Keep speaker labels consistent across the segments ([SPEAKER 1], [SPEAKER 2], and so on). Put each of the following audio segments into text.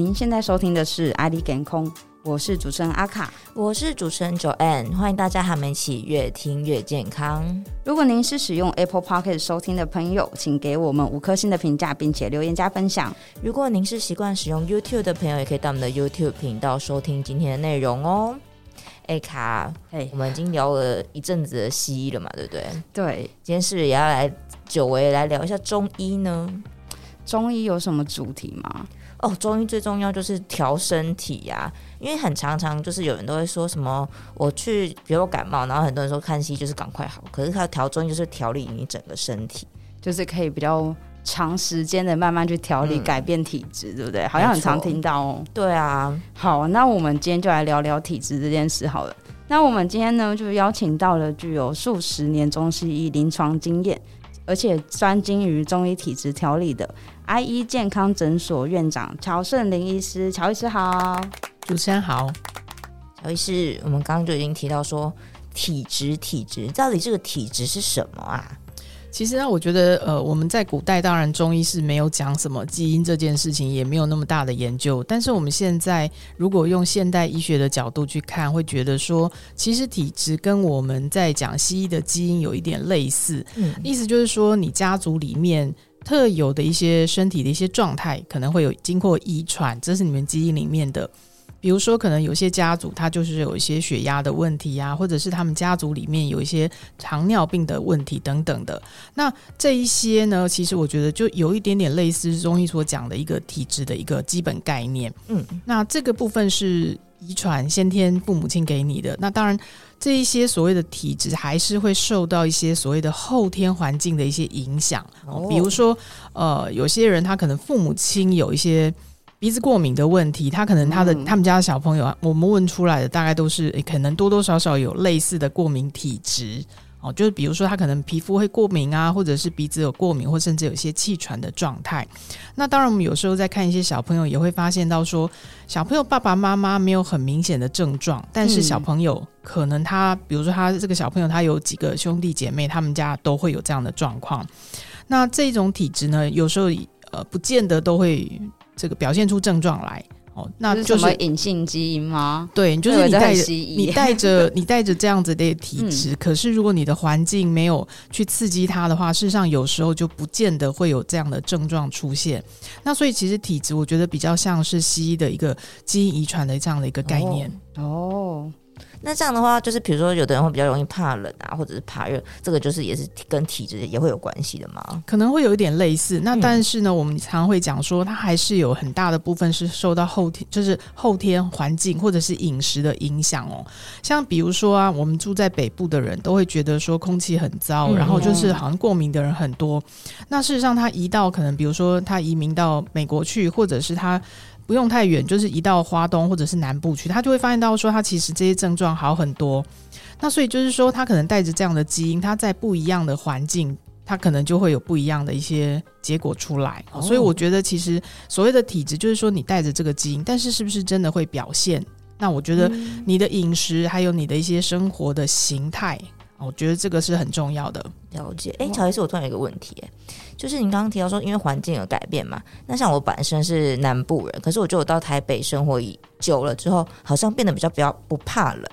[SPEAKER 1] 您現在收聽的是阿里健康，我是主持人阿卡，我是主持人 Joanne，歡迎大家和我們一起越聽越健康。如果您是使用 Apple Podcast 收聽的朋友，請給我們五顆星的評價，並且留言加分享。如果您是習慣使用 YouTube 的朋友，也可以到我們的 YouTube 頻道收聽今天的內容哦。阿、欸、卡，嘿我們已經聊了一陣子的西醫了嘛，對不對？對，今天是不是也要來久違來聊一下中醫呢？中醫有什麼主題嗎？哦，中醫最重要就是調身體呀、啊，因為很常常就是有人都會說什麼，我去比如感冒，然後很多人說看西醫就是趕快好，可是他調中醫就是調理你整個身體，就是可以比較長時間的慢慢去調理、嗯、改變體質，對不對？好像很常聽到、喔，哦。對啊。好，那我們今天就來聊聊體質這件事好了。那我們今天呢，就邀請到了具有數十年中西醫臨床經驗。而且專精於中醫體質調理的 IE 健康診所院長喬聖琳醫師，喬醫師好，
[SPEAKER 2] 主持人好，人好喬醫師，我們剛剛就已經提到說，體質，體質到底這個體質是什麼啊？其實呢，我覺得，呃，我們在古代當然中醫是沒有講什麼基因這件事情，也沒有那麼大的研究。但是我們現在如果用現代醫學的角度去看，會覺得說，其實體質跟我們在講西醫的基因有一點類似。嗯，意思就是說，你家族裡面特有的一些身體的一些狀態，可能會有經過遺傳，這是你們基因裡面的。比如說，可能有些家族他就是有一些血壓的問題呀、啊，或者是他們家族裡面有一些糖尿病的問題等等的。那這一些呢，其實我覺得就有一點點類似中醫所講的一個體質的一個基本概念。嗯，那這個部分是遺傳先天父母親給你的。那當然，這一些所謂的體質還是會受到一些所謂的後天環境的一些影響。哦、比如說，呃，有些人他可能父母親有一些。鼻子過敏的問題，他可能他的、嗯、他們家的小朋友啊，我們問出來的大概都是誒可能多多少少有類似的過敏體質哦，就比如說他可能皮膚會過敏啊，或者是鼻子有過敏，或甚至有些氣喘的狀態。那當然，我們有時候在看一些小朋友，也會發現到說，小朋友爸爸媽媽沒有很明顯的症狀，但是小朋友可能他，嗯、比如說他這個小朋友，他有幾個兄弟姐妹，他們家都會有這樣的狀況。那這種體質呢，有時候呃，不見得都會。這個表現出症狀來，哦，那就是，是隱
[SPEAKER 1] 性基因嗎？對，你就是帶着你帶着你帶
[SPEAKER 2] 着，你帶着這樣子的體質，嗯，可是如果你的環境沒有去刺激它的話，事實上有時候就不見得會有這樣的症狀出現。那所以其實體質，我覺得比較像是西醫的一個基因遺傳的這樣的一個概念哦。哦那這樣
[SPEAKER 1] 的話，就是比如說，有的人會比較容易怕冷啊，或者是怕熱，這個就是也是跟體質也會有關係的嘛。
[SPEAKER 2] 可能會有一點類似，那但是呢，嗯、我們常會講說，它還是有很大的部分是受到後天，就是後天環境或者是飲食的影響哦、喔。像比如說啊，我們住在北部的人都會覺得說空氣很糟，然後就是好像過敏的人很多。嗯哦、那事實上，他移到可能，比如說他移民到美國去，或者是他。不用太遠，就是移到花東或者是南部去，他就會發現到說他其實這些症狀好很多。那所以就是說，他可能帶着這樣的基因，他在不一樣的環境，他可能就會有不一樣的一些結果出來。哦、所以我覺得，其實所謂的體質，就是說你帶着這個基因，但是是不是真的會表現？那我覺得你的飲食還有你的一些生活的形態，我覺得這個是很重要的。了解。哎、欸，喬醫師，我突然有一個問題、欸。就是您剛剛提到說，因為環
[SPEAKER 1] 境有改變嘛，那像我本身是南部人，可是我覺得我到台北生活久了之後，好像變得比較比較不怕冷，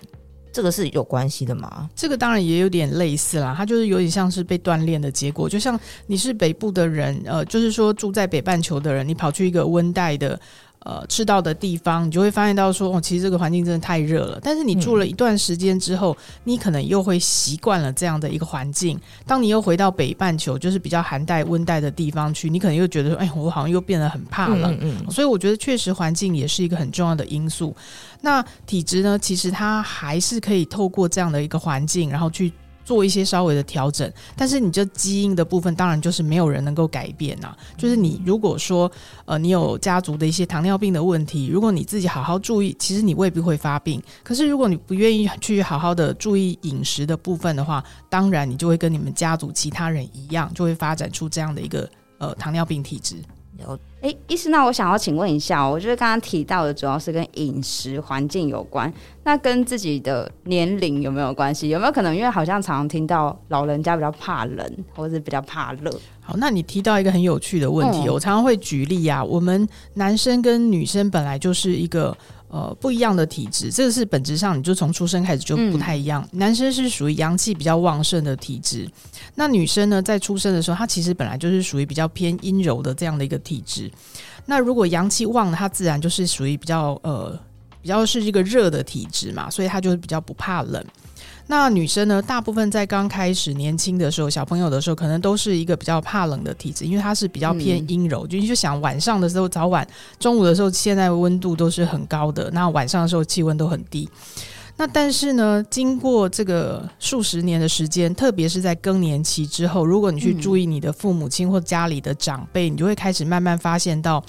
[SPEAKER 1] 這個是有關
[SPEAKER 2] 係的嗎？這個當然也有點類似啦，它就是有點像是被鍛鍊的結果，就像你是北部的人，呃，就是說住在北半球的人，你跑去一個溫帶的。呃，赤道的地方，你就會發現到說，哦，其實這個環境真的太熱了。但是你住了一段時間之後，嗯、你可能又會習慣了這樣的一個環境。當你又回到北半球，就是比較寒帶、溫帶的地方去，你可能又覺得說，哎，我好像又變得很怕冷。嗯嗯、所以我覺得確實環境也是一個很重要的因素。那體質呢，其實它還是可以透過這樣的一個環境，然後去。做一些稍微的調整，但是你這基因的部分，當然就是沒有人能夠改變吶、啊。就是你如果說，呃，你有家族的一些糖尿病的問題，如果你自己好好注意，其實你未必會發病。可是如果你不願意去好好的注意飲食的部分的話，當然你就會跟你們家族其他人一樣，就會發展出這樣的一個呃糖尿病體質。
[SPEAKER 1] 誒、欸，醫師，那我想要請問一下，我覺得剛剛提到的主要是跟飲食環境有關，那跟自己的年齡有沒有關係？有沒有可能？因為好像常常聽到老人家比較怕冷，或者是比較怕熱。
[SPEAKER 2] 好，那你提到一個很有趣的問題，嗯、我常常會舉例啊，我們男生跟女生本來就是一個。呃，不一樣的體質，這個是本質上你就從出生開始就不太一樣。嗯。男生是屬於陽氣比較旺盛的體質，那女生呢，在出生的時候，她其實本來就是屬於比較偏陰柔的這樣的一個體質。那如果陽氣旺了，她自然就是屬於比較呃比較是一個熱的體質嘛，所以她就比較不怕冷。那女生呢，大部分在剛開始年輕的時候，小朋友的時候，可能都是一個比較怕冷的體質，因為她是比較偏陰柔，就你、嗯、就想晚上的時候、早晚、中午的時候，現在溫度都是很高的，那晚上的時候氣溫都很低。那但是呢，經過這個數十年的時間，特別是在更年期之後，如果你去注意你的父母親或家裡的長輩，嗯、你就會開始慢慢發現到。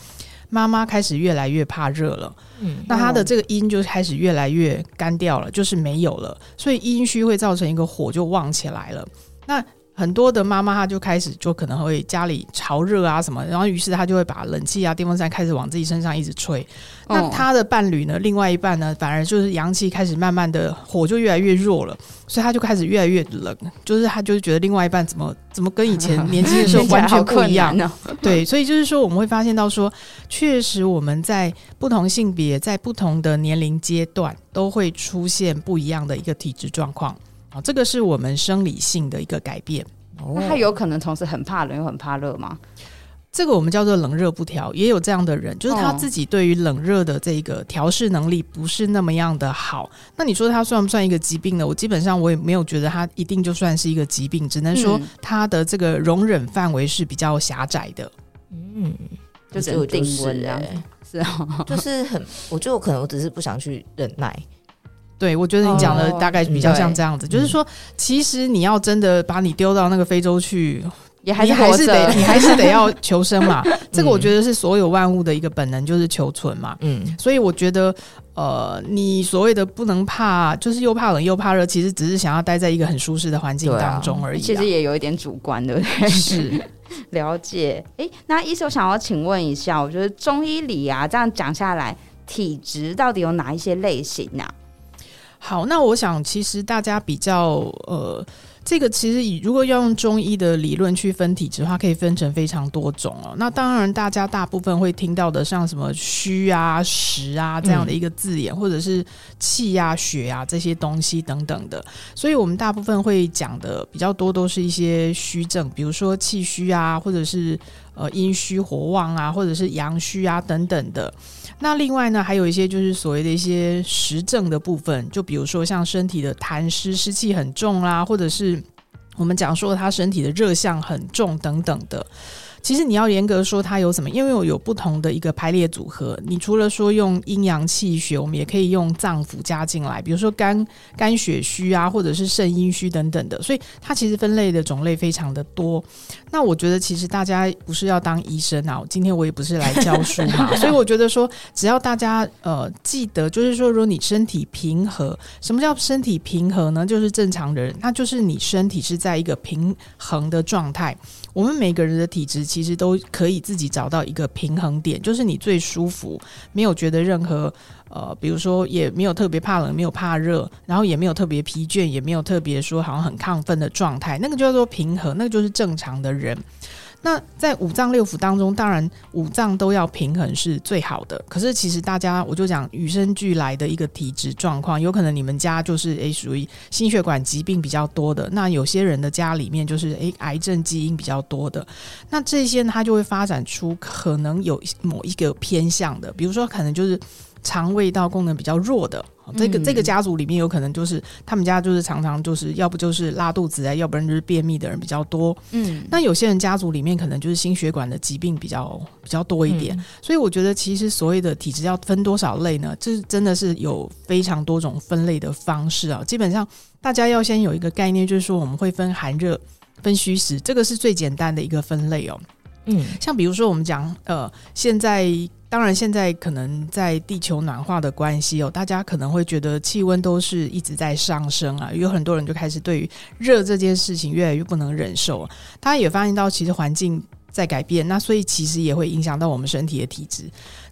[SPEAKER 2] 媽媽開始越來越怕熱了，嗯，那她的這個陰就開始越來越乾掉了，嗯、就是沒有了，所以陰虛會造成一個火就旺起來了，那。很多的媽媽她就開始就可能會家裡潮熱啊什麼，然後於是她就會把冷氣啊電風扇開始往自己身上一直吹。那她的伴侶呢，另外一半呢，反而就是陽氣開始慢慢的火就越來越弱了，所以她就開始越來越冷，就是她就是覺得另外一半怎麼怎麼跟以前年輕的時候完全不一樣。對，所以就是說我們會發現到說，確實我們在不同性別、在不同的年齡階段都會出現不一樣的一個體質狀況。好，這個是我們生理性的一個改變。那他有可能同時很怕冷又很怕熱嗎？這個我們叫做冷熱不調，也有這樣的人，就是他自己對於冷熱的這個調試能力不是那麼樣的好。哦、那你說他算不算一個疾病呢？我基本上我也沒有覺得他一定就算是一個疾病，只能說他的這個容忍範圍是比較狹窄的。嗯，就是有定溫這樣，
[SPEAKER 1] 是啊、哦，就是很，我覺得我可能我只是不想去忍耐。
[SPEAKER 2] 對，我覺得你講的大概比較像這樣子，哦、就是說，嗯、其實你要真的把你丟到那個非洲去，也還是你還是得你還是得要求生嘛。嗯、這個我覺得是所有萬物的一個本能，就是求存嘛。嗯，所以我覺得，呃，你所謂的不能怕，就是又怕冷又怕熱，其實只是想要待在一個很舒適的環境當中而已、啊啊。其實也有一點主觀，對不對？是了解。
[SPEAKER 1] 誒，那醫師，我想要請問一下，我覺得中醫裡啊，這樣講下來，體質到底有哪
[SPEAKER 2] 一些類型啊？好，那我想其實大家比較呃，這個其實，以如果要用中醫的理論去分體質的話，可以分成非常多種哦。那當然，大家大部分會聽到的，像什麼虛啊、實啊這樣的一個字眼，嗯、或者是氣啊、血啊這些東西等等的。所以，我們大部分會講的比較多，都是一些虛症，比如說氣虛啊，或者是。呃，陰虛火旺啊，或者是陽虛啊等等的。那另外呢，還有一些就是所謂的一些實症的部分，就比如說像身體的痰濕濕氣很重啦，啊，或者是我們講說他身體的熱象很重等等的。其實你要嚴格說，它有什麼？因為我有不同的一個排列組合。你除了說用陰陽氣血，我們也可以用臟腑加進來，比如說肝肝血虛啊，或者是腎陰虛等等的。所以它其實分類的種類非常的多。那我覺得其實大家不是要當醫生，啊，今天我也不是來教書嘛。 所以我覺得說，只要大家呃記得，就是說如果你身體平和，什麼叫身體平和呢？就是正常人，那就是你身體是在一個平衡的狀態。我們每個人的體質其實都可以自己找到一個平衡點，就是你最舒服，沒有覺得任何呃，比如說也沒有特別怕冷，沒有怕熱，然後也沒有特別疲倦，也沒有特別說好像很亢奮的狀態，那個就叫做平衡，那個就是正常的人。那在五臟六腑當中，當然五臟都要平衡是最好的。可是其實大家，我就講與生俱來的一個體質狀況，有可能你們家就是誒屬於心血管疾病比較多的。那有些人的家裡面就是誒、欸、癌症基因比較多的。那這些呢，他就會發展出可能有某一個偏向的，比如說可能就是。腸胃道功能比較弱的，這個這個家族裡面有可能就是、嗯、他們家就是常常就是要不就是拉肚子啊，要不然就是便秘的人比較多。嗯，那有些人家族裡面可能就是心血管的疾病比較比較多一點。嗯、所以我覺得，其實所謂的體質要分多少類呢？這、就是真的是有非常多種分類的方式啊。基本上大家要先有一個概念，就是說我們會分寒熱、分虛實，這個是最簡單的一個分類哦。嗯，像比如說我們講，呃，現在，當然現在可能在地球暖化的關係哦，大家可能會覺得氣溫都是一直在上升啊，有很多人就開始對於熱這件事情越來越不能忍受，大家也發現到其實環境在改變，那所以其實也會影響到我們身體的體質。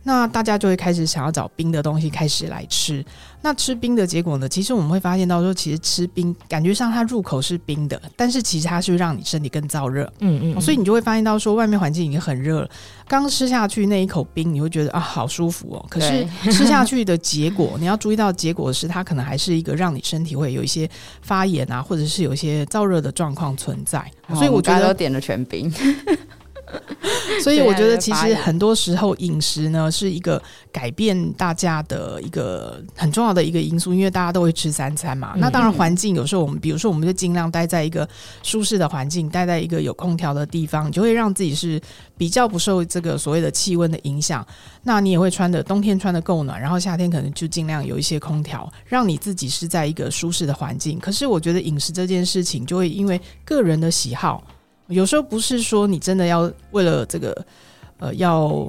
[SPEAKER 2] 那大家就會開始想要找冰的東西開始來吃。那吃冰的結果呢？其實我們會發現到說，其實吃冰感覺上它入口是冰的，但是其實它是讓你身體更燥熱。嗯嗯，嗯、哦。所以你就會發現到說，外面環境已經很熱了，剛吃下去那一口冰，你會覺得啊好舒服哦。可是吃下去的結果，對 你要注意到的結果是它可能還是一個讓你身體會有一些發炎啊，或者是有一些燥熱的狀況存在。哦、所以我覺得我點了全冰。 所以我覺得，其實很多時候飲食呢是一個改變大家的一個很重要的一個因素，因為大家都會吃三餐嘛。那當然，環境有時候我們，比如說，我們就儘量待在一個舒適的環境，待在一個有空調的地方，就會讓自己是比較不受這個所謂的氣溫的影響。那你也會穿的，冬天穿的夠暖，然後夏天可能就儘量有一些空調，讓你自己是在一個舒適的環境。可是，我覺得飲食這件事情，就會因為個人的喜好。有時候不是說你真的要為了這個，呃，要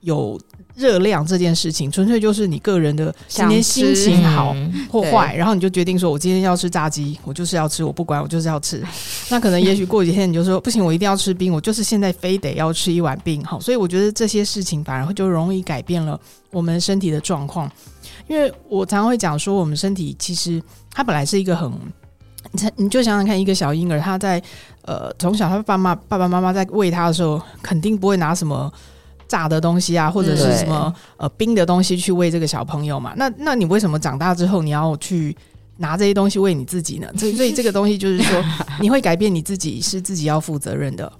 [SPEAKER 2] 有熱量這件事情，純粹就是你個人的今天心情好或壞，嗯、然後你就決定說，我今天要吃炸雞，我就是要吃，我不管，我就是要吃。那可能也許過幾天你就說， 不行，我一定要吃冰，我就是現在非得要吃一碗冰。好，所以我覺得這些事情反而就容易改變了我們身體的狀況，因為我常會講說，我們身體其實它本來是一個很你你就想想看，一個小嬰兒他在呃從小他爸媽爸爸媽媽在餵他的時候，肯定不會拿什麼炸的東西啊，或者是什麼呃冰的東西去餵這個小朋友嘛。那那你為什麼長大之後你要去拿這些東西餵你自己呢？所以所以這個東西就是說，你會改變你自己，是自己要負責任的。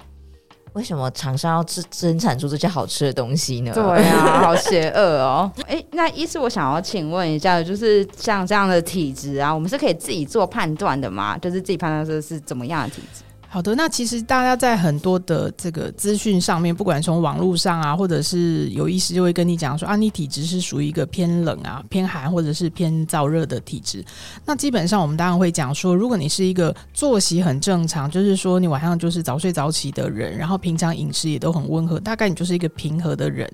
[SPEAKER 2] 為什麼廠商要
[SPEAKER 1] 制生產出這些好吃的東西呢？對啊，好邪惡哦，喔！哎、 欸，那醫師我想要請問一下，就是像這樣的體質啊，我們是可以自己做判斷的嗎？就是自己判斷說是，是怎麼樣的體質？
[SPEAKER 2] 好的，那其實大家在很多的這個資訊上面，不管從網絡上啊，或者是有醫師，就會跟你講說，啊，你體質是屬於一個偏冷啊、偏寒或者是偏燥熱的體質。那基本上我們當然會講說，如果你是一個作息很正常，就是說你晚上就是早睡早起的人，然後平常飲食也都很溫和，大概你就是一個平和的人。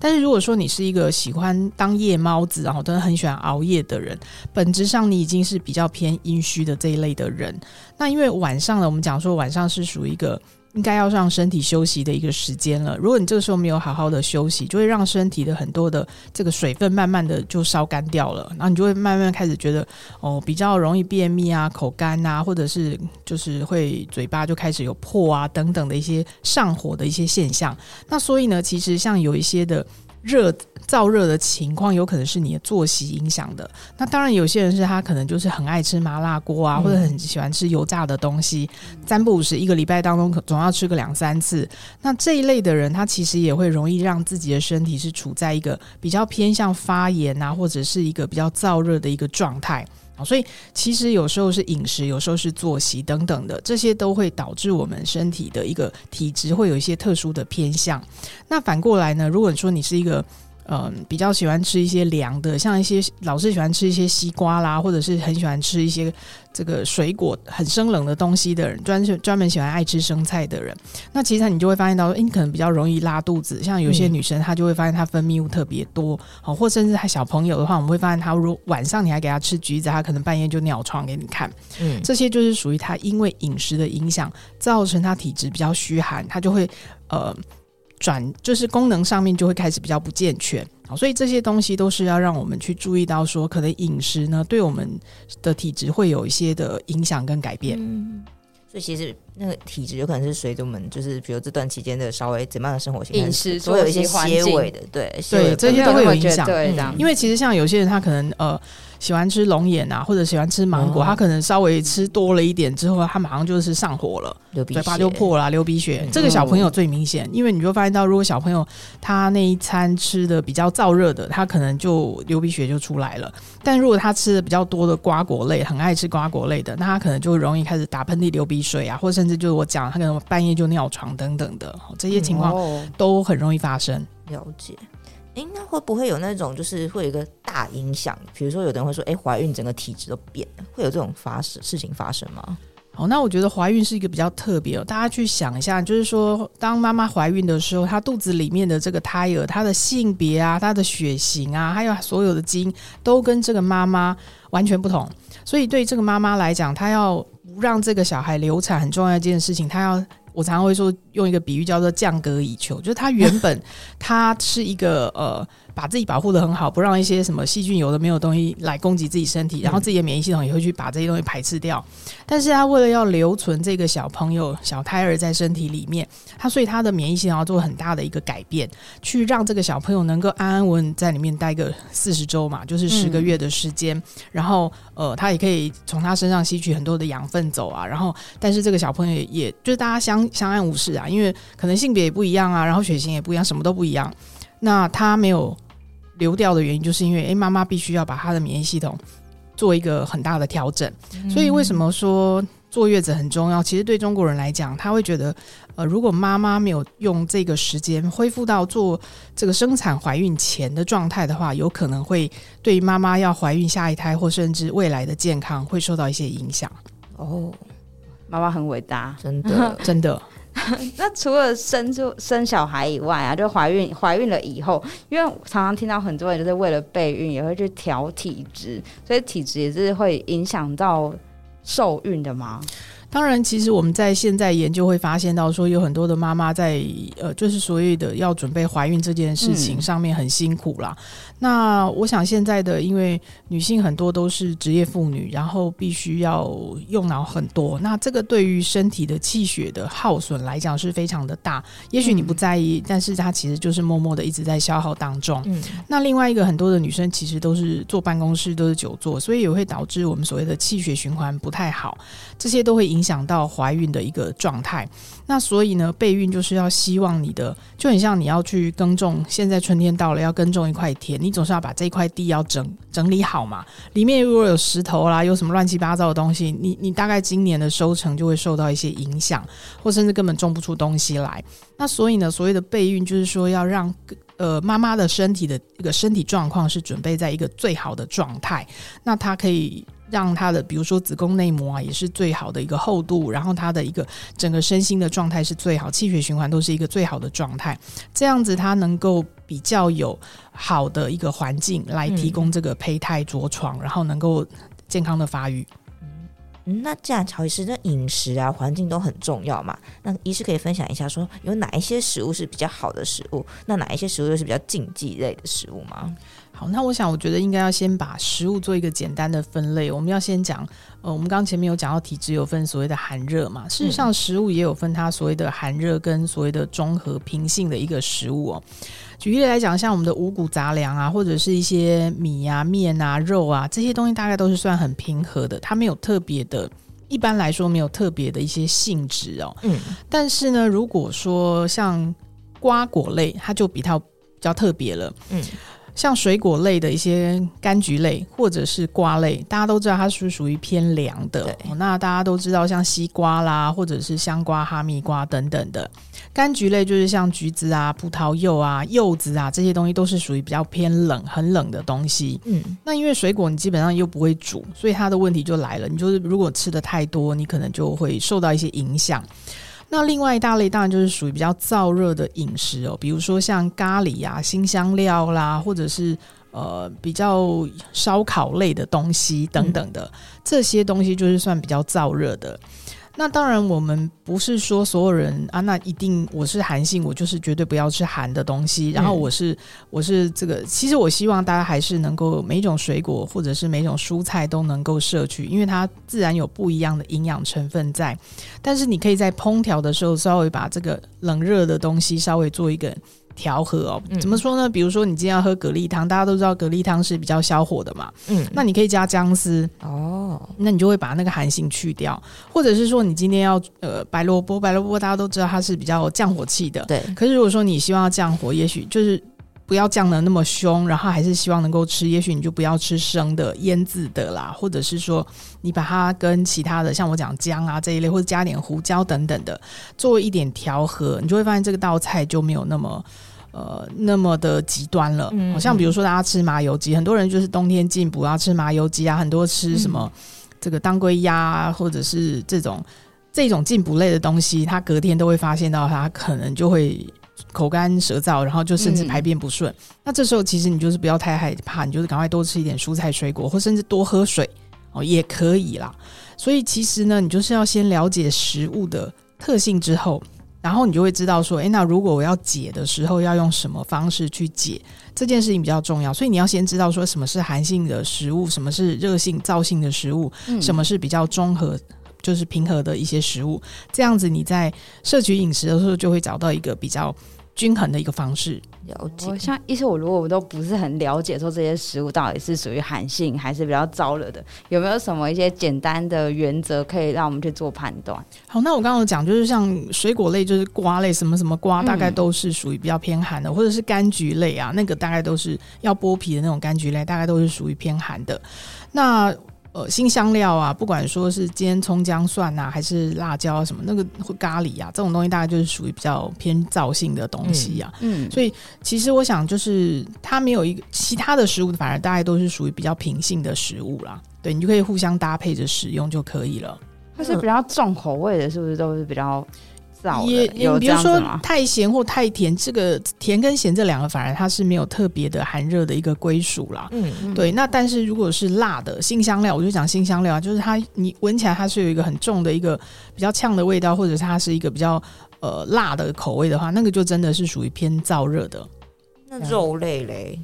[SPEAKER 2] 但是如果說你是一個喜歡當夜貓子，然後都很喜歡熬夜的人，本質上你已經是比較偏陰虛的這一類的人。那因為晚上呢，我們講說晚上是屬於一個應該要讓身體休息的一個時間了。如果你這個時候沒有好好的休息，就會讓身體的很多的這個水分慢慢的就燒乾掉了。然後你就會慢慢開始覺得哦，比較容易便秘啊、口乾啊，或者是就是會嘴巴就開始有破啊等等的一些上火的一些現象。那所以呢，其實像有一些的。熱燥熱的情況有可能是你的作息影響的。那當然，有些人是他可能就是很愛吃麻辣鍋啊，或者很喜歡吃油炸的東西，嗯、三不五時一個禮拜當中可總要吃個兩三次。那這一類的人，他其實也會容易讓自己的身體是處在一個比較偏向發炎啊，或者是一個比較燥熱的一個狀態。所以其實有時候是飲食，有時候是作息等等的，這些都會導致我們身體的一個體質會有一些特殊的偏向。那反過來呢？如果你說你是一個，嗯、呃，比較喜歡吃一些涼的，像一些老是喜歡吃一些西瓜啦，或者是很喜歡吃一些。這個水果很生冷的東西的人，專是專門喜歡愛吃生菜的人，那其實你就會發現到誒，你可能比較容易拉肚子。像有些女生，她就會發現她分泌物特別多，好、哦，或甚至還小朋友的話，我們會發現她如晚上你還給她吃橘子，她可能半夜就尿床給你看。嗯，這些就是屬於她因為飲食的影響，造成她體質比較虛寒，她就會呃。轉就是功能上面就會開始比較不健全，好，所以這些東西都是要讓我們去注意到說，說可能飲食呢對我們的體質會有一些的影響跟改變，嗯，
[SPEAKER 1] 所以其實。那個體質有可能是隨着我們，就是比如這段期間的稍微怎麼樣的生活飲食所有一些些微的，對，所以這些都會有影響，嗯、因
[SPEAKER 2] 為其實像有些人，他可能呃喜歡吃龍眼啊，或者喜歡吃芒果，哦、他可能稍微吃多了一點之後，他馬上就是上火了，流鼻血，嘴巴就破了，啊，流鼻血。嗯、這個小朋友最明顯，因為你就會發現到，如果小朋友他那一餐吃的比較燥熱的，他可能就流鼻血就出來了。但如果他吃的比較多的瓜果類，很愛吃瓜果類的，那他可能就容易開始打噴嚏、流鼻水啊，或是。甚至就是我講，他可能半夜就尿床等等的，這些情況都很容易發生。嗯哦、了解，
[SPEAKER 1] 哎、欸，那會不會有那種就是會有一個大
[SPEAKER 2] 影響？比如說，有的人會說，哎、欸，懷孕整個體質都變，會有這種發生事情發生嗎？好，那我覺得懷孕是一個比較特別哦。大家去想一下，就是說，當媽媽懷孕的時候，她肚子裡面的這個胎兒，她的性別啊，她的血型啊，還有所有的基因，都跟這個媽媽完全不同。所以對這個媽媽來講，她要。讓這個小孩流產很重要一件事情，他要，我常常會說用一個比喻叫做降格以求，就是他原本他是一個 呃。把自己保護得很好，不讓一些什麼細菌有的沒有的東西來攻擊自己身體，然後自己的免疫系統也會去把這些東西排斥掉。但是他為了要留存這個小朋友、小胎兒在身體裡面，他所以他的免疫系統要做很大的一個改變，去讓這個小朋友能夠安安穩穩在裡面待個四十周嘛，就是十個月的時間。嗯、然後呃，他也可以從他身上吸取很多的養分走啊。然後，但是這個小朋友也就是大家相相、安無事啊，因為可能性別也不一樣啊，然後血型也不一樣，什麼都不一樣。那他沒有。流掉的原因就是因為，欸，媽媽必須要把她的免疫系統做一個很大的調整。嗯、所以為什麼說坐月子很重要？其實對中國人來講，他會覺得，呃，如果媽媽沒有用這個時間恢復到做這個生產懷孕前的狀態的話，有可能會對媽媽要懷孕下一胎或甚至未來的健康會受到一些影響。哦，
[SPEAKER 1] 媽媽很偉大，真的，真的。 那除了生出生小孩以外啊，就懷孕懷孕了以後，因為常常聽到很多人就是為了備孕也會去調體質，所以體質也是會影響到受孕的嗎？
[SPEAKER 2] 當然，其實我們在現在研究會發現到說，說有很多的媽媽在呃，就是所謂的要準備懷孕這件事情上面很辛苦啦。嗯那我想現在的，因為女性很多都是職業婦女，然後必須要用腦很多，那這個對於身體的氣血的耗損來講是非常的大。也許你不在意，嗯、但是它其實就是默默的一直在消耗當中。嗯、那另外一個，很多的女生其實都是坐辦公室，都是久坐，所以也會導致我們所謂的氣血循環不太好，這些都會影響到懷孕的一個狀態。那所以呢，備孕就是要希望你的，就很像你要去耕種，現在春天到了，要耕種一塊田。你總是要把這塊地要整整理好嘛，裡面如果有石頭啦，有什麼亂七八糟的東西，你你大概今年的收成就會受到一些影響，或甚至根本種不出東西來。那所以呢，所謂的備孕就是說要讓呃媽媽的身體的一個身體狀況是準備在一個最好的狀態，那她可以。讓他的，比如說子宮內膜啊，也是最好的一個厚度，然後他的一個整個身心的狀態是最好，氣血循環都是一個最好的狀態，這樣子他能夠比較有好的一個環境來提供這個胚胎着床，嗯、然後能夠健康的發育。那這樣，喬醫師，
[SPEAKER 1] 那飲食啊、環境都很重要嘛，那醫師可以分享一下說有哪一些食物是比較
[SPEAKER 2] 好的食物，那哪一些食物又是比較禁忌類的食物嗎？嗯、好，那我想我覺得應該要先把食物做一個簡單的分類，我們要先講，呃，我們剛前面有講到體質有分所謂的寒熱嘛，事實上食物也有分它所謂的寒熱跟所謂的中和平性的一個食物哦、喔。舉例來講，像我們的五穀雜糧啊，或者是一些米啊、麵啊、肉啊這些東西，大概都是算很平和的，它沒有特別的，一般來說沒有特別的一些性質哦。嗯，但是呢，如果說像瓜果類，它就比較比較特別了。嗯。像水果類的一些柑橘類或者是瓜類，大家都知道它是屬於偏涼的。對那大家都知道像西瓜啦，或者是香瓜、哈密瓜等等的柑橘類，就是像橘子啊、葡萄柚啊、柚子啊這些東西，都是屬於比較偏冷、很冷的東西。嗯，那因為水果你基本上又不會煮，所以它的問題就來了。你就是如果吃的太多，你可能就會受到一些影響。那另外一大類當然就是屬於比較燥熱的飲食哦，比如說像咖喱啊、辛香料啦，或者是呃比較燒烤類的東西等等的，嗯、這些東西就是算比較燥熱的。那當然，我們不是說所有人啊，那一定我是寒性，我就是絕對不要吃寒的東西。然後我是、嗯、我是這個，其實我希望大家還是能夠每種水果或者是每種蔬菜都能夠攝取，因為它自然有不一樣的營養成分在。但是你可以在烹調的時候稍微把這個冷熱的東西稍微做一個。調和哦，怎麼說呢？比如說，你今天要喝蛤蜊湯，大家都知道蛤蜊湯是比較消火的嘛。嗯，那你可以加薑絲哦，那你就會把那個寒性去掉。或者是說，你今天要呃白蘿蔔，白蘿蔔大家都知道它是比較降火氣的。對，可是如果說你希望要降火，也許就是。不要降得那麼兇，然後還是希望能夠吃。也許你就不要吃生的、醃製的啦，或者是說你把它跟其他的，像我講薑啊這一類，或者加點胡椒等等的，做一點調和，你就會發現這個道菜就沒有那麼呃那麼的極端了。好、嗯、像比如說大家吃麻油雞，很多人就是冬天進補啊吃麻油雞啊，很多吃什麼這個當歸鴨啊，或者是這種這種進補類的東西，他隔天都會發現到他可能就會。口乾舌燥，然後就甚至排便不順。嗯、那這時候其實你就是不要太害怕，你就是趕快多吃一點蔬菜水果，或甚至多喝水哦，也可以啦。所以其實呢，你就是要先了解食物的特性之後，然後你就會知道說，哎，那如果我要解的時候，要用什麼方式去解這件事情比較重要。所以你要先知道說，什麼是寒性的食物，什麼是熱性燥性的食物，嗯、什麼是比較中和就是平和的一些食物。這樣子你在攝取飲食的時候，就會找到一個比較。均衡的一個方式，了解。像
[SPEAKER 1] 一些我如果我都不是很了解，說這些食物到底是屬於寒性還是比較燥熱的，有沒有什麼一些簡單的原則可以讓我們去做
[SPEAKER 2] 判斷？好，那我剛剛講就是像水果類，就是瓜類，什麼什麼瓜，大概都是屬於比較偏寒的，或者是柑橘類啊，那個大概都是要剝皮的那種柑橘類，大概都是屬於偏寒的。那呃，辛香料啊，不管說是煎蔥薑蒜啊，還是辣椒、啊、什麼那個咖喱啊，這種東西大概就是屬於比較偏燥性的東西啊。嗯，嗯，所以其實我想就是它沒有一個其他的食物，反而大概都是屬於比較平性的食物啦。對，你就可以互相搭配着使用就可以了。它是比較重口味的，是不是都是比較？也也、嗯、比如說太鹹或太甜，這個甜跟鹹這兩個反而它是沒有特別的寒熱的一個歸屬啦。嗯，對。那但是如果是辣的辛香料，我就講辛香料，就是它你聞起來它是有一個很重的一個比較嗆的味道，或者是它是一個比較呃辣的口味的話，那個就真的是屬於偏燥熱的。
[SPEAKER 1] 那肉類嘞？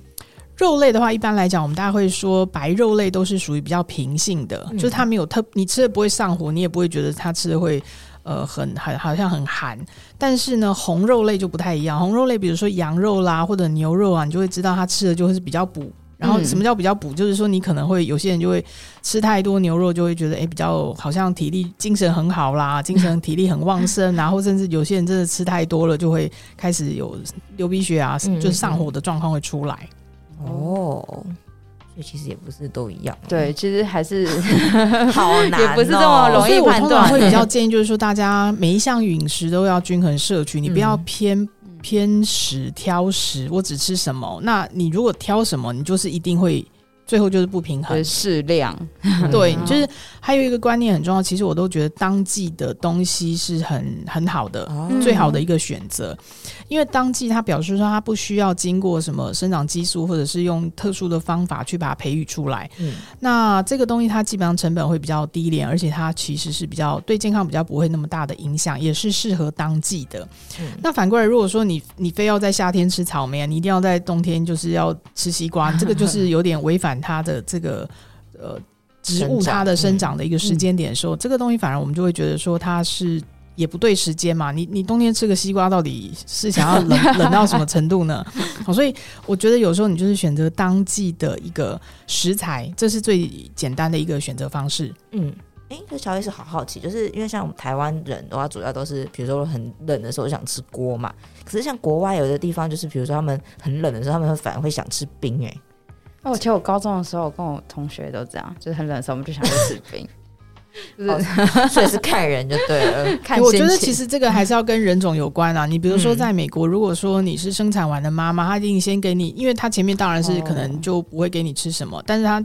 [SPEAKER 2] 肉類的話，一般來講，我們大家會說白肉類都是屬於比較平性的，嗯、就是它沒有特，你吃的不會上火，你也不會覺得它吃的會。呃，很很好，好像很寒，但是呢，紅肉類就不太一樣。紅肉類，比如說羊肉啦，或者牛肉啊，你就會知道它吃的就會是比較補。然後什麼叫比較補？就是說你可能會有些人就會吃太多牛肉，就會覺得哎，比較好像體力精神很好啦，精神體力很旺盛啊。 然後甚至有些人真的吃太多了，就會開始有流鼻血啊，就上火的狀況會出來。嗯嗯，哦。其實也不是都一樣。哦，對，其實還是好難，也不是這麼容易判斷。所以，我通常會比較建議，就是說，大家每一項飲食都要均衡攝取，你不要偏偏食挑食，我只吃什麼？那你如果挑什麼，你就是一定會。最後就是不平衡的適量，對，就是還有一個觀念很重要。其實我都覺得當季的東西是很很好的，嗯、最好的一個選擇。因為當季它表示說它不需要經過什麼生長激素，或者是用特殊的方法去把它培育出來。嗯、那這個東西它基本上成本會比較低廉，而且它其實是比較對健康比較不會那麼大的影響，也是適合當季的。嗯、那反過來，如果說你你非要在夏天吃草莓、啊，你一定要在冬天就是要吃西瓜，這個就是有點違反。 它的這個呃植物它的生長的一個時間點的時候，說、嗯、這個東西反而我們就會覺得說它是也不對時間嘛。你你冬天吃個西瓜，到底是想要冷冷到什麼程度呢？ 好，所以我覺得有時候你就是選擇當季的一個食材，這是最簡單的一個選擇方式。
[SPEAKER 1] 嗯，哎、欸，這喬也是小好好奇，就是因為像我們台灣人的話，主要都是比如說很冷的時候想吃鍋嘛。可是像國外有的地方，就是比如說他們很冷的時候，他們會反而會想吃冰哎、欸。我記得我高中的時候，
[SPEAKER 2] 我跟我同學都這樣，就是很冷的時候我們就想去吃冰，就
[SPEAKER 1] 所以是看人就對了。看我覺得其實這個
[SPEAKER 2] 還是要跟人種有關啊。嗯、你比如說在美國，如果說你是生產完的媽媽，她一定先給你，因為她前面當然是可能就不會給你吃什麼，哦、但是她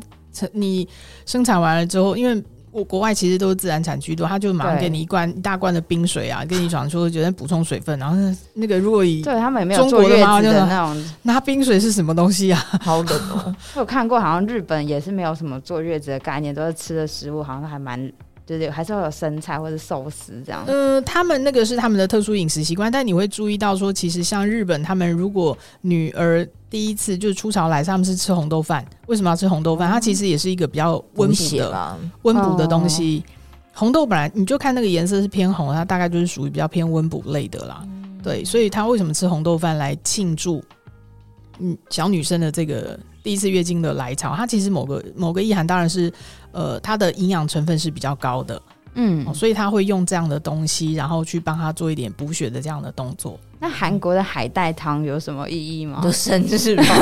[SPEAKER 2] 你生產完了之後，因為。我國外其實都是自然產居多，他就馬上給你一罐對一大罐的冰水啊，跟你講說覺得補充水分，然後那個如果，以對他們也沒有坐月子，中國的媽就是那種，那冰水是什麼東西啊，好冷哦。 我有看過，好像日
[SPEAKER 1] 本也是沒有什麼坐月子的概念，都是吃的食物，好像還蠻。對對，就是還是會有生菜或者壽司這樣子。
[SPEAKER 2] 嗯，他們那個是他們的特殊飲食習慣，但你會注意到說，其實像日本，他們如果女兒第一次就是初潮來，他們是吃紅豆飯。為什麼要吃紅豆飯？嗯、它其實也是一個比較溫補的、溫補的東西。哦、紅豆本來你就看那個顏色是偏紅，它大概就是屬於比較偏溫補類的啦。對，所以他為什麼吃紅豆飯來慶祝？嗯，小女生的這個。第一次月經的來潮，它其實某個某個意涵，當然是，呃，它的營養成分是比較高的，嗯、哦，所以他會用這樣的東西，然後去幫他做一點補血的這樣的動作。那韓國的海帶湯有什麼
[SPEAKER 1] 意義嗎？都生日
[SPEAKER 2] 嗎？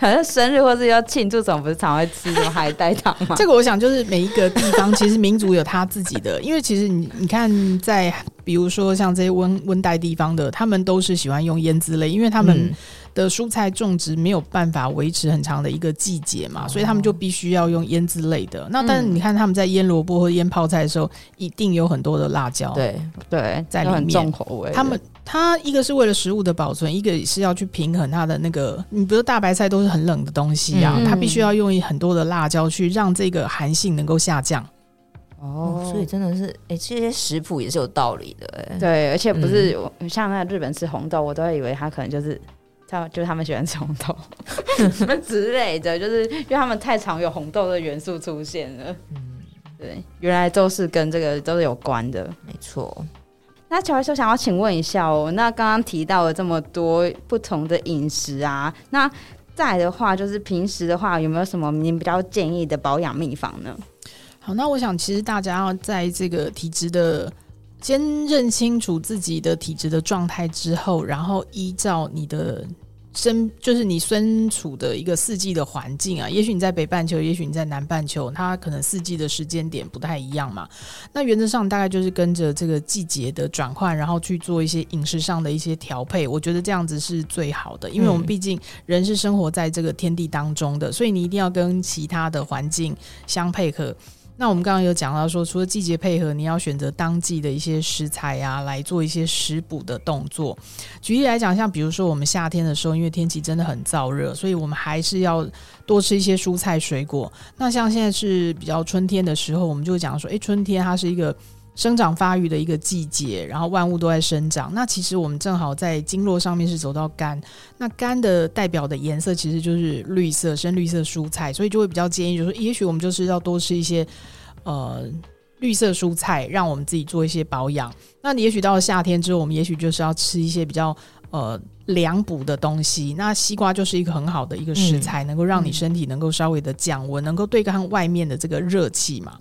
[SPEAKER 2] 好像生日或者要慶祝，總不是常
[SPEAKER 1] 會吃什麼海帶湯嗎？這個我想
[SPEAKER 2] 就是每一個地方其實民族有他自己的， 因為其實你你看在比如說像這些溫溫帶地方的，他們都是喜歡用醃漬類，因為他們、嗯。的蔬菜種植沒有辦法維持很長的一個季節嘛，所以他們就必須要用醃製類的。那但是你看他們在醃蘿蔔或醃泡菜的時候，一定有很多的辣椒，對對，在裡面，在裡面重口味。他們他一個是為了食物的保存，一個是要去平衡它的那個。你比如大白菜都是很冷的東西啊，嗯、它必須要用很多的辣椒去讓這個寒性能夠下降。
[SPEAKER 1] 哦，所以真的是，哎、欸，這些食譜也是有道理的、欸。對，而且不是、嗯、像在日本吃紅豆，我都以為他可能就是。就是他們喜歡吃紅豆 什麼之類的，就是因為他們太常有紅豆的元素出現了。嗯，對，原來都是跟這個都是有關的，沒錯。那喬醫生想要請問一下哦，那剛剛提到了這麼多不同的飲食啊，那再來的話，就是平時的話，有沒有什麼您
[SPEAKER 2] 比較建議的保養秘方呢？好，那我想其實大家要在這個體質的，先認清楚自己的體質的狀態之後，然後依照你的。身，就是你身處的一個四季的環境啊，也許你在北半球，也許你在南半球，它可能四季的時間點不太一樣嘛。那原則上大概就是跟着這個季節的轉換，然後去做一些飲食上的一些調配。我覺得這樣子是最好的，因為我們畢竟人是生活在這個天地當中的，所以你一定要跟其他的環境相配合。那我們剛剛有講到說，除了季節配合，你要選擇當季的一些食材啊，來做一些食補的動作。舉例來講，像比如說我們夏天的時候，因為天氣真的很燥熱，所以我們還是要多吃一些蔬菜水果。那像現在是比較春天的時候，我們就會講說，誒，春天它是一個。生長發育的一個季節，然後萬物都在生長。那其實我們正好在經絡上面是走到肝，那肝的代表的顏色其實就是綠色、深綠色蔬菜，所以就會比較建議，就是說也許我們就是要多吃一些呃綠色蔬菜，讓我們自己做一些保養。那你也許到了夏天之後，我們也許就是要吃一些比較。呃，涼補的東西，那西瓜就是一個很好的一個食材，嗯、能夠讓你身體能夠稍微的降溫，嗯、能夠對抗外面的這個熱氣嘛。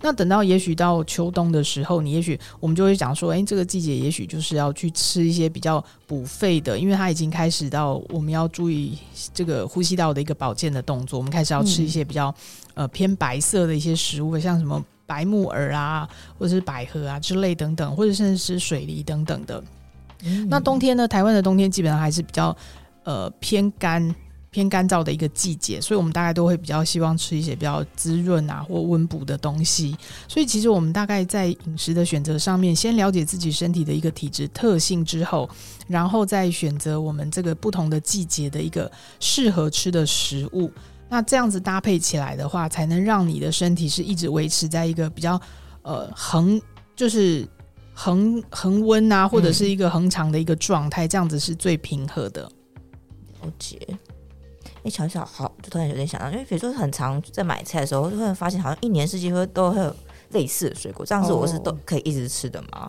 [SPEAKER 2] 那等到也許到秋冬的時候，你也許我們就會講說，哎、欸，這個季節也許就是要去吃一些比較補肺的，因為它已經開始到我們要注意這個呼吸道的一個保健的動作，我們開始要吃一些比較、嗯、呃偏白色的一些食物，像什麼白木耳啊，或者是百合啊之類等等，或者甚至是水梨等等的。那冬天呢？台灣的冬天基本上還是比較，呃偏乾偏乾燥的一個季節，所以我們大概都會比較希望吃一些比較滋潤啊或溫補的東西。所以其實我們大概在飲食的選擇上面，先了解自己身體的一個體質特性之後，然後再選擇我們這個不同的季節的一個適合吃的食物。那這樣子搭配起來的話，才能讓你的身體是一直維持在一個比較呃恆就是。恆恆溫啊，或者是一個恆常的一個狀態，嗯、這樣子是最平和的。了解。哎、欸，瞧瞧好，就突然有點想到，因為比如說很
[SPEAKER 1] 常在買菜的時候，就會發現好像一年四季會都會有類似的水果，這樣子我是都可以
[SPEAKER 2] 一直吃的嘛？哦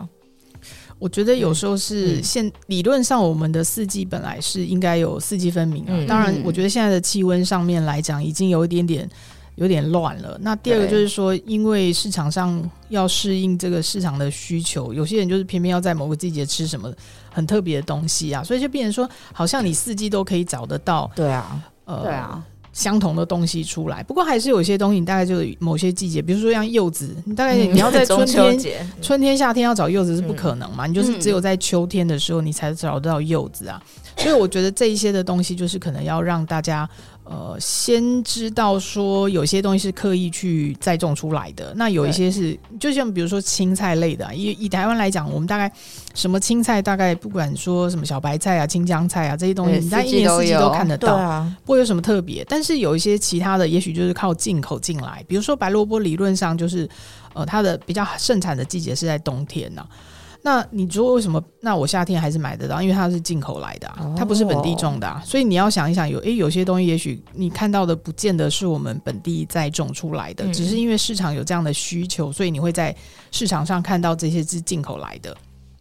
[SPEAKER 2] 嗯、我覺得有時候是現理論上我們的四季本來是應該有四季分明啊，嗯、當然我覺得現在的氣溫上面來講已經有一點點。有點亂了。那第二個就是說，因為市場上要適應這個市場的需求，對有些人就是偏偏要在某個季節吃什麼很特別的東西啊，所以就變成說，好像你四季都可以找得到。對啊，呃，對啊，相同的東西出來。不過還是有些東西，你大概就某些季節，比如說像柚子，你大概、嗯、你要在春天、中秋春天、夏天要找柚子是不可能嘛，嗯、你就是只有在秋天的時候你才找得到柚子啊。嗯、所以我覺得這一些的東西，就是可能要讓大家。呃，先知道說有些東西是刻意去栽種出來的，那有一些是對就像比如說青菜類的，啊，以以台灣來講，我們大概什麼青菜，大概不管說什麼小白菜啊、青江菜啊這些東西，欸、你在一年四季都看得到，啊、不會有什麼特別。但是有一些其他的，也許就是靠進口進來，比如說白蘿蔔，理論上就是呃，它的比較盛產的季節是在冬天呢，啊。那你說為什麼？那我夏天還是買得到，因為它是進口來的、啊，它不是本地種的、啊。哦、所以你要想一想，有誒、欸、有些東西也許你看到的不見得是我們本地在種出來的，嗯、只是因為市場有這樣的需求，所以你會在市場上看到這些是進口來的。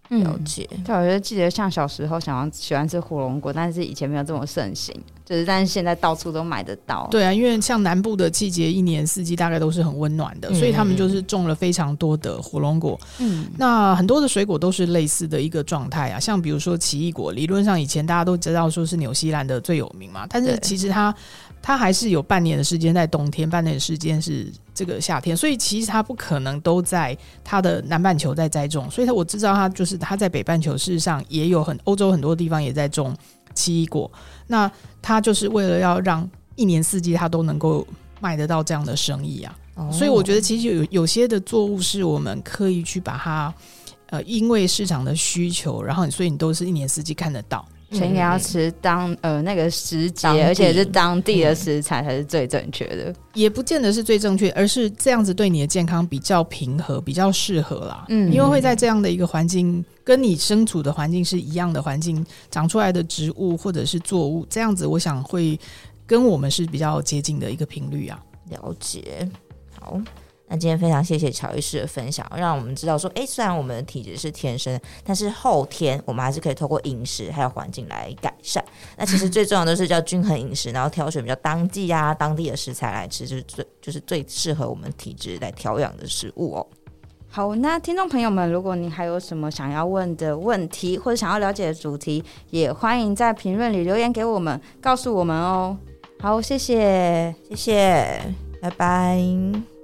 [SPEAKER 2] 嗯、了
[SPEAKER 1] 解。對，我覺得記得像小時候想要喜歡吃火龍果，但是以前沒有這麼盛行。就是，但是現在到處都買得到。對啊，
[SPEAKER 2] 因為像南部的季節，一年四季大概都是很溫暖的，嗯、所以他們就是種了非常多的火龍果。嗯，那很多的水果都是類似的一個狀態啊，像比如說奇異果，理論上以前大家都知道說是紐西蘭的最有名嘛，但是其實它對它還是有半年的時間在冬天，半年的時間是這個夏天，所以其實它不可能都在它的南半球在栽種，所以它我知道它就是它在北半球，事實上也有很歐洲很多地方也在種。奇異果，那他就是為了要讓一年四季他都能夠賣得到這樣的生意啊，oh. 所以我覺得其實有有些的作物是我們刻意去把它，呃，因為市場的需求，然後所以你都是一年四季看得到。全要吃當、嗯、呃那個時節，當地，而且是當地的食材才是最正確的。嗯，也不見得是最正確，而是這樣子對你的健康比較平和，比較適合啦。嗯，因為會在這樣的一個環境，跟你身處的環境是一樣的環境長出來的植物或者是作物，這樣子我想會跟我們是比較接近的一個頻率啊。了解，好。那今天非常謝謝喬醫師的分享，讓我們知道說，哎、欸，
[SPEAKER 1] 雖然我們的體質是天生，但是後天我們還是可以透過飲食還有環境來改善。那其實最重要的是叫均衡飲食，然後挑選比較當季啊、當地的食材來吃，就是最就是最適合我們體質來調養的食物哦。好，那聽眾朋友們，如果您還有什麼想要問的問題，或者想要了解的主題，也歡迎在評論裡留言給我們，告訴我們哦。好，謝謝，謝謝，拜拜。